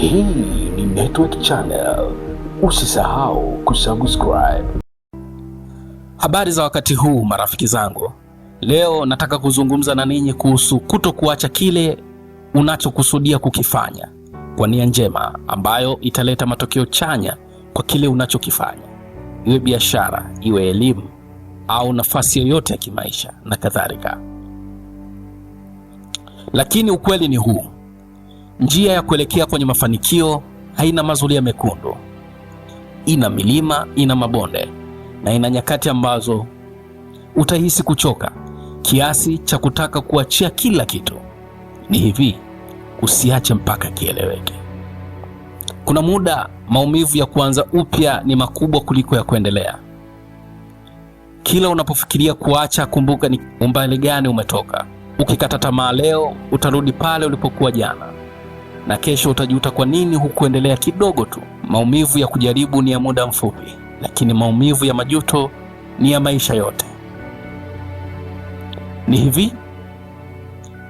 Hii ni Network Channel, usisahau kusubscribe. Habari za wakati huu marafiki zangu, leo nataka kuzungumza na ninyi kuhusu kutokuacha kile unachokusudia kukifanya kwa nia njema ambayo italeta matokeo chanya kwa kile unachokifanya, iwe biashara, iwe elimu au nafasi yoyote ya kimaisha na kadhalika. Lakini ukweli ni huu Njia ya kuelekea kwenye mafanikio haina mazulia mekundu. Ina milima, ina mabonde na ina nyakati ambazo utahisi kuchoka kiasi cha kutaka kuachia kila kitu. Ni hivi, usiache mpaka kieleweke. Kuna muda maumivu ya kuanza upya ni makubwa kuliko ya kuendelea. Kila unapofikiria kuacha, kumbuka ni umbali gani umetoka. Ukikata tamaa leo, utarudi pale ulipokuwa jana na kesho utajuta kwa nini hukuendelea kidogo tu. Maumivu ya kujaribu ni ya muda mfupi, lakini maumivu ya majuto ni ya maisha yote. Ni hivi,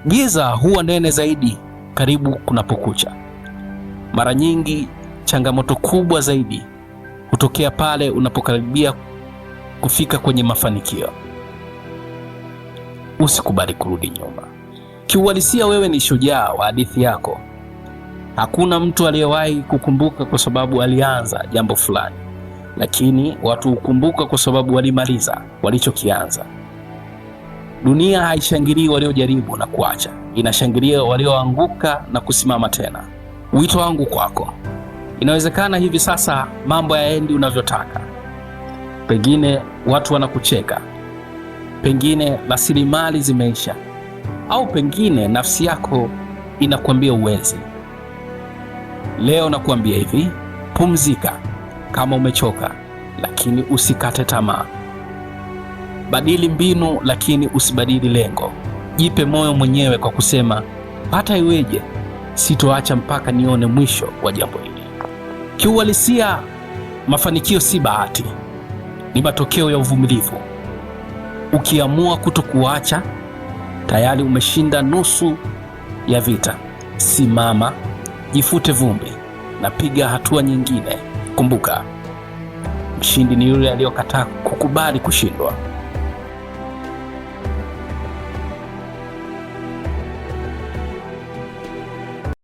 giza huwa nene zaidi karibu kunapokucha. Mara nyingi changamoto kubwa zaidi hutokea pale unapokaribia kufika kwenye mafanikio. Usikubali kurudi nyuma. Kiuhalisia, wewe ni shujaa wa hadithi yako. Hakuna mtu aliyewahi kukumbuka kwa sababu alianza jambo fulani, lakini watu hukumbuka kwa sababu walimaliza walichokianza. Dunia haishangilii waliojaribu na kuacha, inashangilia walioanguka na kusimama tena. Wito wangu kwako, inawezekana hivi sasa mambo endi unavyotaka. Pengine watu wanakucheka, pengine rasilimali zimeisha, au pengine nafsi yako inakwambia uwezi Leo nakuambia hivi, pumzika kama umechoka, lakini usikate tamaa. Badili mbinu, lakini usibadili lengo. Jipe moyo mwenyewe kwa kusema hata iweje, sitoacha mpaka nione mwisho wa jambo hili. Kiuhalisia, mafanikio si bahati, ni matokeo ya uvumilivu. Ukiamua kutokuacha, tayari umeshinda nusu ya vita. Simama, Jifute vumbi na piga hatua nyingine. Kumbuka, mshindi ni yule aliyokataa kukubali kushindwa.